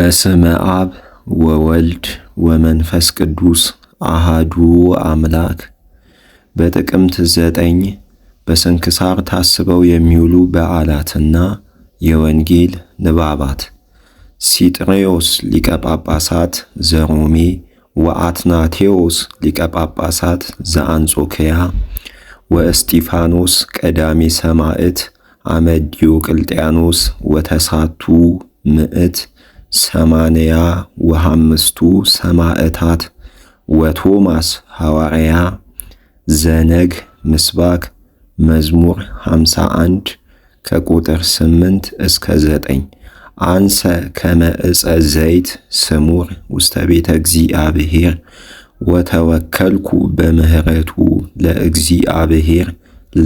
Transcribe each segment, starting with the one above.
በስመ አብ ወወልድ ወመንፈስ ቅዱስ አሃዱ አምላክ። በጥቅምት ዘጠኝ በስንክሳር ታስበው የሚውሉ በዓላትና የወንጌል ንባባት ሲጥሬዎስ ሊቀ ጳጳሳት ዘሮሜ ወአትናቴዎስ ሊቀ ጳጳሳት ዘአንጾኪያ ወእስጢፋኖስ ቀዳሜ ሰማዕት አመ ዲዮቅልጥያኖስ ወተሳቱ ምዕት ሰማንያ ወሃምስቱ ሰማዕታት ወቶማስ ሐዋርያ ዘነግ ምስባክ መዝሙር 51 ከቁጥር 8 እስከ 9 አንሰ ከመእፀ ዘይት ስሙር ውስተ ቤተ እግዚአብሔር ወተወከልኩ በምህረቱ ለእግዚአብሔር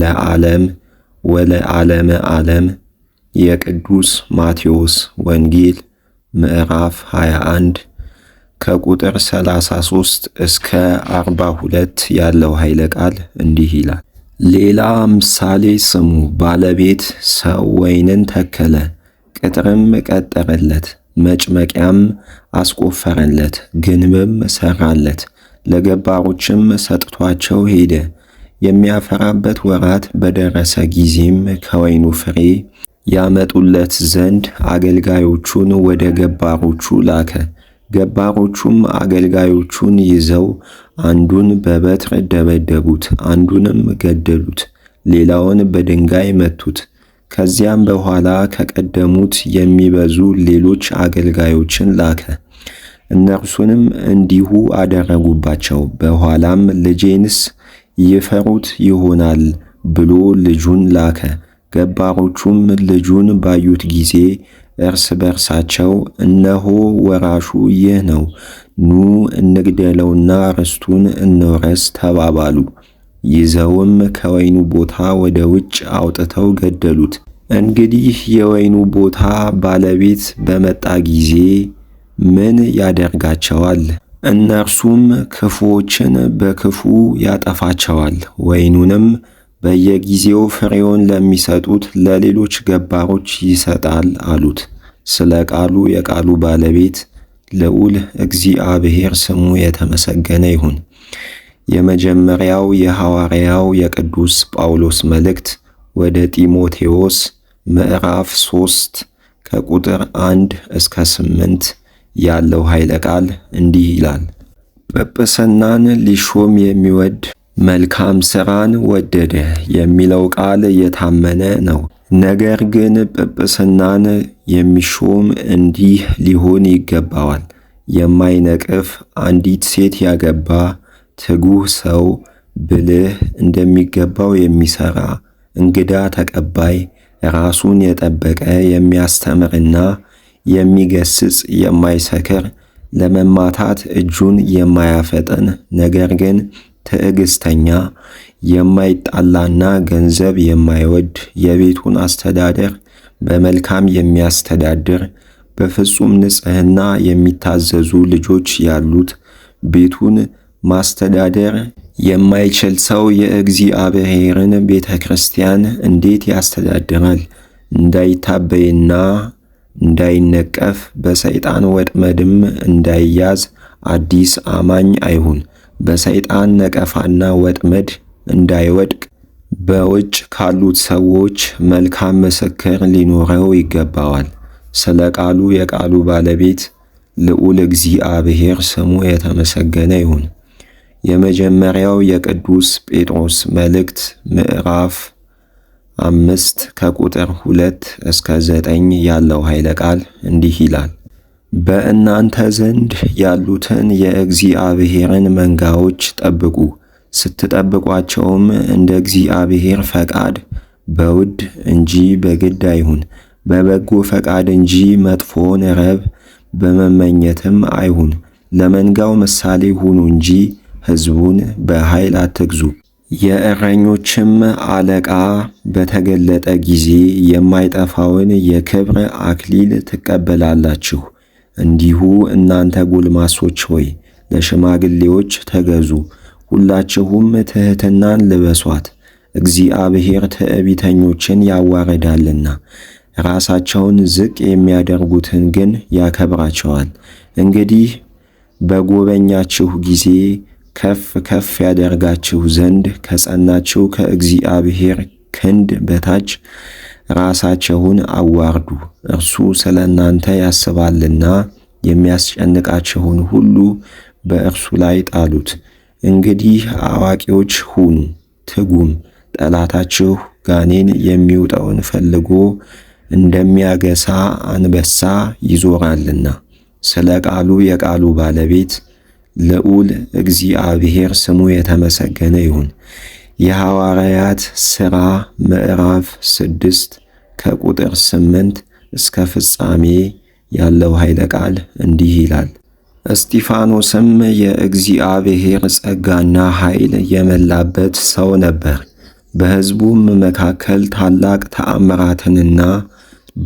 ለዓለም ወለዓለመ ዓለም። የቅዱስ ማቴዎስ ወንጌል ምዕራፍ 21 ከቁጥር 33 እስከ 42 ያለው ኃይለ ቃል እንዲህ ይላል። ሌላ ምሳሌ ስሙ። ባለቤት ሰው ወይንን ተከለ፣ ቅጥርም ቀጠረለት፣ መጭመቂያም አስቆፈረለት፣ ግንብም ሰራለት፣ ለገባሮችም ሰጥቷቸው ሄደ። የሚያፈራበት ወራት በደረሰ ጊዜም ከወይኑ ፍሬ ያመጡለት ዘንድ አገልጋዮቹን ወደ ገባሮቹ ላከ። ገባሮቹም አገልጋዮቹን ይዘው አንዱን በበትር ደበደቡት፣ አንዱንም ገደሉት፣ ሌላውን በድንጋይ መቱት። ከዚያም በኋላ ከቀደሙት የሚበዙ ሌሎች አገልጋዮችን ላከ። እነርሱንም እንዲሁ አደረጉባቸው። በኋላም ልጄንስ ይፈሩት ይሆናል ብሎ ልጁን ላከ። ገባሮቹም ልጁን ባዩት ጊዜ እርስ በርሳቸው እነሆ ወራሹ ይህ ነው፣ ኑ እንግደለውና ርስቱን እንውረስ ተባባሉ። ይዘውም ከወይኑ ቦታ ወደ ውጭ አውጥተው ገደሉት። እንግዲህ የወይኑ ቦታ ባለቤት በመጣ ጊዜ ምን ያደርጋቸዋል? እነርሱም ክፉዎችን በክፉ ያጠፋቸዋል፣ ወይኑንም በየጊዜው ፍሬውን ለሚሰጡት ለሌሎች ገባሮች ይሰጣል አሉት። ስለ ቃሉ የቃሉ ባለቤት ልዑል እግዚአብሔር ስሙ የተመሰገነ ይሁን። የመጀመሪያው የሐዋርያው የቅዱስ ጳውሎስ መልእክት ወደ ጢሞቴዎስ ምዕራፍ 3 ከቁጥር 1 እስከ 8 ያለው ኃይለ ቃል እንዲህ ይላል። ጵጵስናን ሊሾም የሚወድ መልካም ሥራን ወደደ የሚለው ቃል የታመነ ነው። ነገር ግን ጵጵስናን የሚሾም እንዲህ ሊሆን ይገባዋል፤ የማይነቅፍ አንዲት ሴት ያገባ፣ ትጉህ ሰው፣ ብልህ፣ እንደሚገባው የሚሠራ፣ እንግዳ ተቀባይ፣ ራሱን የጠበቀ የሚያስተምርና የሚገስጽ የማይሰክር፣ ለመማታት እጁን የማያፈጥን ነገር ግን ትዕግስተኛ የማይጣላና ገንዘብ የማይወድ የቤቱን አስተዳደር በመልካም የሚያስተዳድር በፍጹም ንጽህና የሚታዘዙ ልጆች ያሉት ቤቱን ማስተዳደር የማይችል ሰው የእግዚአብሔርን ቤተ ክርስቲያን እንዴት ያስተዳድራል? እንዳይታበይና እንዳይነቀፍ በሰይጣን ወጥመድም እንዳይያዝ አዲስ አማኝ አይሁን። በሰይጣን ነቀፋና ወጥመድ እንዳይወድቅ በውጭ ካሉት ሰዎች መልካም ምስክር ሊኖረው ይገባዋል። ስለ ቃሉ የቃሉ ባለቤት ልዑል እግዚአብሔር ስሙ የተመሰገነ ይሁን። የመጀመሪያው የቅዱስ ጴጥሮስ መልእክት ምዕራፍ አምስት ከቁጥር ሁለት እስከ ዘጠኝ ያለው ኃይለ ቃል እንዲህ ይላል በእናንተ ዘንድ ያሉትን የእግዚአብሔርን መንጋዎች ጠብቁ። ስትጠብቋቸውም እንደ እግዚአብሔር ፈቃድ በውድ እንጂ በግድ አይሁን፣ በበጎ ፈቃድ እንጂ መጥፎን ረብ በመመኘትም አይሁን። ለመንጋው ምሳሌ ሁኑ እንጂ ሕዝቡን በኃይል አትግዙ። የእረኞችም አለቃ በተገለጠ ጊዜ የማይጠፋውን የክብር አክሊል ትቀበላላችሁ። እንዲሁ እናንተ ጎልማሶች ሆይ ለሽማግሌዎች ተገዙ፣ ሁላችሁም ትሕትናን ልበሷት። እግዚአብሔር ትዕቢተኞችን ያዋርዳልና ራሳቸውን ዝቅ የሚያደርጉትን ግን ያከብራቸዋል። እንግዲህ በጎበኛችሁ ጊዜ ከፍ ከፍ ያደርጋችሁ ዘንድ ከጸናችሁ ከእግዚአብሔር ክንድ በታች ራሳቸውን አዋርዱ፣ እርሱ ስለ እናንተ ያስባልና የሚያስጨንቃችሁን ሁሉ በእርሱ ላይ ጣሉት። እንግዲህ አዋቂዎች ሁኑ፣ ትጉም። ጠላታችሁ ጋኔን የሚውጠውን ፈልጎ እንደሚያገሳ አንበሳ ይዞራልና። ስለ ቃሉ የቃሉ ባለቤት ልዑል እግዚአብሔር ስሙ የተመሰገነ ይሁን። የሐዋርያት ሥራ ምዕራፍ ስድስት ከቁጥር ስምንት እስከ ፍጻሜ ያለው ኃይለ ቃል እንዲህ ይላል። እስጢፋኖስም የእግዚአብሔር ጸጋና ኃይል የመላበት ሰው ነበር። በሕዝቡም መካከል ታላቅ ተአምራትንና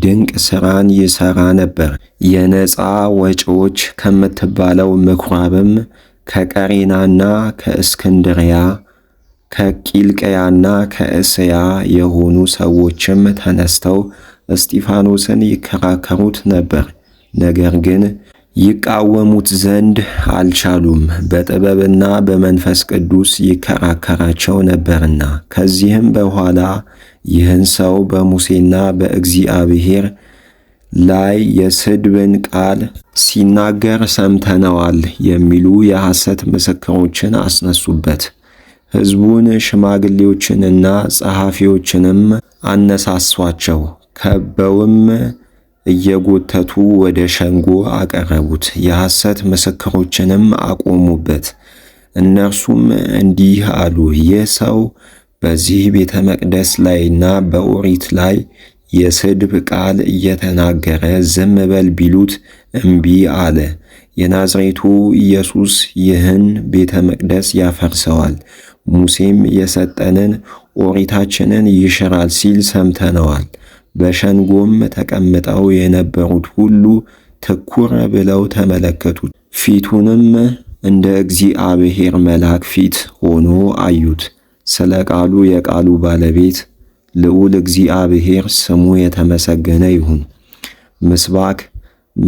ድንቅ ሥራን ይሠራ ነበር። የነፃ ወጪዎች ከምትባለው ምኵራብም ከቀሬናና ከእስክንድርያ ከቂልቀያና ከእስያ የሆኑ ሰዎችም ተነስተው እስጢፋኖስን ይከራከሩት ነበር። ነገር ግን ይቃወሙት ዘንድ አልቻሉም፣ በጥበብና በመንፈስ ቅዱስ ይከራከራቸው ነበርና። ከዚህም በኋላ ይህን ሰው በሙሴና በእግዚአብሔር ላይ የስድብን ቃል ሲናገር ሰምተነዋል የሚሉ የሐሰት ምስክሮችን አስነሱበት። ሕዝቡን ሽማግሌዎችንና ጸሐፊዎችንም አነሳሷቸው። ከበውም እየጎተቱ ወደ ሸንጎ አቀረቡት። የሐሰት ምስክሮችንም አቆሙበት። እነርሱም እንዲህ አሉ፣ ይህ ሰው በዚህ ቤተ መቅደስ ላይና በኦሪት ላይ የስድብ ቃል እየተናገረ ዝም በል ቢሉት እምቢ አለ። የናዝሬቱ ኢየሱስ ይህን ቤተ መቅደስ ያፈርሰዋል፣ ሙሴም የሰጠንን ኦሪታችንን ይሽራል ሲል ሰምተነዋል። በሸንጎም ተቀምጠው የነበሩት ሁሉ ትኩር ብለው ተመለከቱት። ፊቱንም እንደ እግዚአብሔር መልአክ ፊት ሆኖ አዩት። ስለ ቃሉ የቃሉ ባለቤት ልዑል እግዚአብሔር ስሙ የተመሰገነ ይሁን። ምስባክ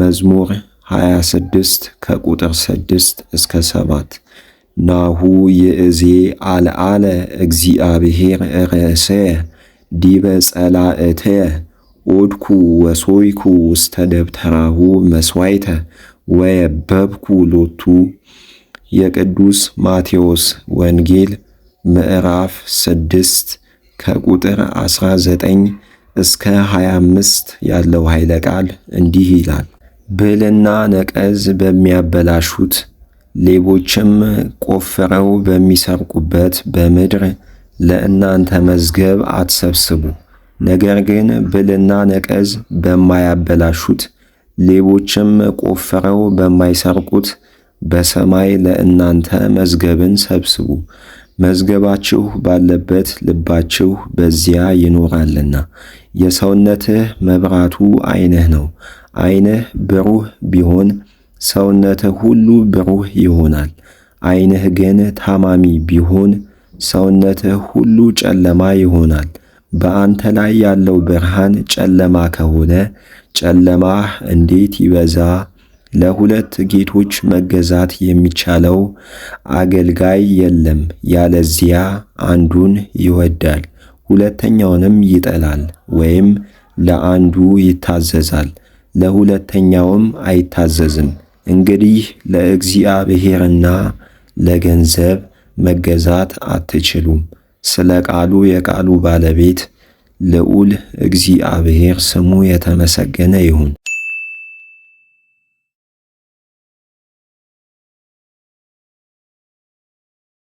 መዝሙር 26 ከቁጥር 6 እስከ 7 ናሁ ይእዜ አልዓለ እግዚአብሔር ርእሰ ዲበ ጸላእተ ኦድኩ ወሶይኩ ውስተ ደብተራሁ መሥዋዕተ በብኩ ሎቱ። የቅዱስ ማቴዎስ ወንጌል ምዕራፍ ስድስት ከቁጥር 19 እስከ 25 ያለው ኃይለ ቃል እንዲህ ይላል። ብልና ነቀዝ በሚያበላሹት ሌቦችም ቆፍረው በሚሰርቁበት በምድር ለእናንተ መዝገብ አትሰብስቡ። ነገር ግን ብልና ነቀዝ በማያበላሹት ሌቦችም ቆፍረው በማይሰርቁት በሰማይ ለእናንተ መዝገብን ሰብስቡ። መዝገባችሁ ባለበት ልባችሁ በዚያ ይኖራልና። የሰውነትህ መብራቱ ዓይንህ ነው። ዓይንህ ብሩህ ቢሆን ሰውነትህ ሁሉ ብሩህ ይሆናል። ዐይንህ ግን ታማሚ ቢሆን ሰውነትህ ሁሉ ጨለማ ይሆናል። በአንተ ላይ ያለው ብርሃን ጨለማ ከሆነ ጨለማህ እንዴት ይበዛ! ለሁለት ጌቶች መገዛት የሚቻለው አገልጋይ የለም። ያለዚያ አንዱን ይወዳል፣ ሁለተኛውንም ይጠላል፣ ወይም ለአንዱ ይታዘዛል፣ ለሁለተኛውም አይታዘዝም። እንግዲህ ለእግዚአብሔርና ለገንዘብ መገዛት አትችሉም። ስለ ቃሉ የቃሉ ባለቤት ልዑል እግዚአብሔር ስሙ የተመሰገነ ይሁን።